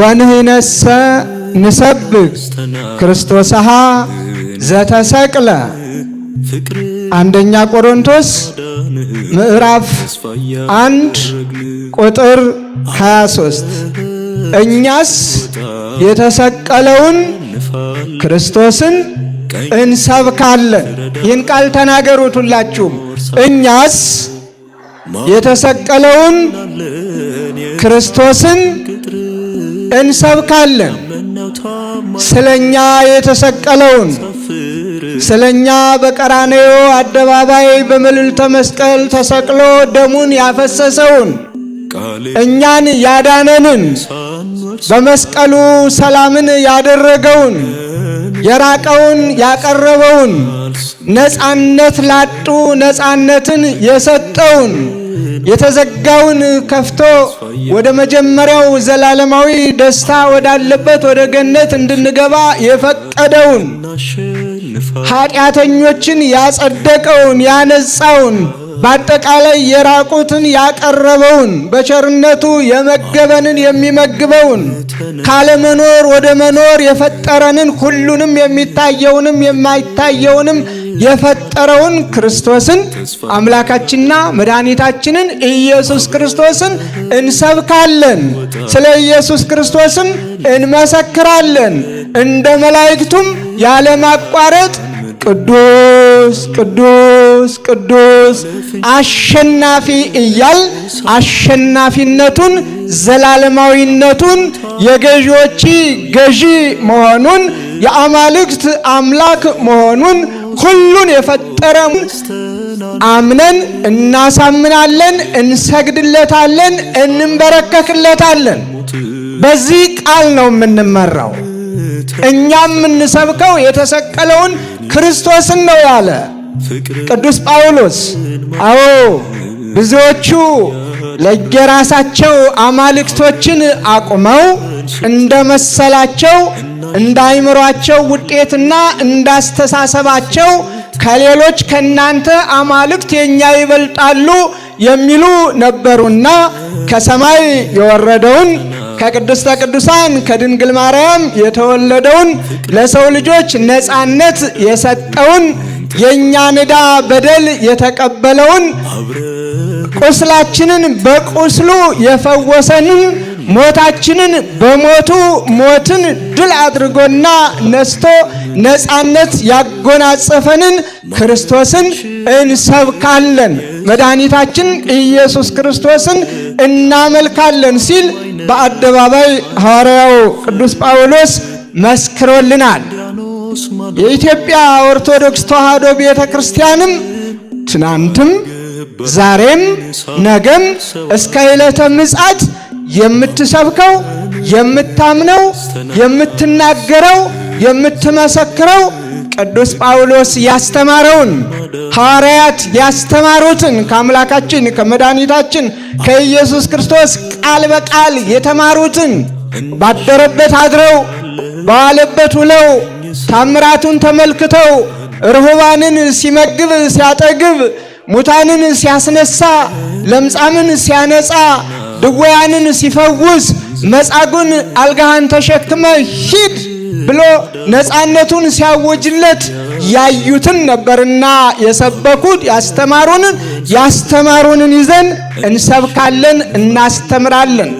ወንህነሰ ንሰብክ ክርስቶስሃ ዘተሰቅለ አንደኛ ቆሮንቶስ ምዕራፍ አንድ ቁጥር 23 እኛስ የተሰቀለውን ክርስቶስን እንሰብካለን። ይህን ቃል ተናገሩት ሁላችሁም። እኛስ የተሰቀለውን ክርስቶስን እንሰብካለን። ስለኛ የተሰቀለውን ስለኛ በቀራንዮ አደባባይ በመልዕልተ መስቀል ተሰቅሎ ደሙን ያፈሰሰውን እኛን ያዳነንን በመስቀሉ ሰላምን ያደረገውን የራቀውን ያቀረበውን ነፃነት ላጡ ነፃነትን የሰጠውን የተዘጋውን ከፍቶ ወደ መጀመሪያው ዘላለማዊ ደስታ ወዳለበት ወደ ገነት እንድንገባ የፈቀደውን ኃጢአተኞችን ያጸደቀውን ያነጻውን በአጠቃላይ የራቁትን ያቀረበውን በቸርነቱ የመገበንን የሚመግበውን ካለመኖር ወደ መኖር የፈጠረንን ሁሉንም የሚታየውንም የማይታየውንም የፈጠረውን ክርስቶስን አምላካችንና መድኃኒታችንን ኢየሱስ ክርስቶስን እንሰብካለን። ስለ ኢየሱስ ክርስቶስም እንመሰክራለን። እንደ መላእክቱም ያለማቋረጥ ቅዱስ ቅዱስ ቅዱስ አሸናፊ እያል አሸናፊነቱን ዘላለማዊነቱን የገዢዎች ገዢ መሆኑን የአማልክት አምላክ መሆኑን ሁሉን የፈጠረ አምነን እናሳምናለን፣ እንሰግድለታለን፣ እንንበረከክለታለን። በዚህ ቃል ነው የምንመራው። እኛም የምንሰብከው የተሰቀለውን ክርስቶስን ነው ያለ ቅዱስ ጳውሎስ። አዎ ብዙዎቹ ለየራሳቸው አማልክቶችን አቁመው እንደመሰላቸው እንዳይምሯቸው ውጤትና እንዳስተሳሰባቸው ከሌሎች ከእናንተ አማልክት የኛ ይበልጣሉ የሚሉ ነበሩና ከሰማይ የወረደውን ከቅድስተ ቅዱሳን ከድንግል ማርያም የተወለደውን ለሰው ልጆች ነፃነት የሰጠውን የእኛን ዕዳ በደል የተቀበለውን ቁስላችንን በቁስሉ የፈወሰንን ሞታችንን በሞቱ ሞትን ድል አድርጎና ነስቶ ነፃነት ያጎናጸፈንን ክርስቶስን እንሰብካለን፣ መድኃኒታችን ኢየሱስ ክርስቶስን እናመልካለን ሲል በአደባባይ ሐዋርያው ቅዱስ ጳውሎስ መስክሮልናል። የኢትዮጵያ ኦርቶዶክስ ተዋሕዶ ቤተ ክርስቲያንም ትናንትም ዛሬም ነገም እስከ ዕለተ ምጽአት የምትሰብከው የምታምነው የምትናገረው የምትመሰክረው ቅዱስ ጳውሎስ ያስተማረውን ሐዋርያት ያስተማሩትን ከአምላካችን ከመድኃኒታችን ከኢየሱስ ክርስቶስ ቃል በቃል የተማሩትን ባደረበት አድረው በዋለበት ውለው ታምራቱን ተመልክተው ርሁባንን ሲመግብ ሲያጠግብ ሙታንን ሲያስነሳ፣ ለምጻምን ሲያነጻ፣ ድወያንን ሲፈውስ፣ መጻጉን አልጋህን ተሸክመ ሂድ ብሎ ነፃነቱን ሲያወጅለት ያዩትን ነበርና የሰበኩት ያስተማሩንን ያስተማሩንን ይዘን እንሰብካለን፣ እናስተምራለን።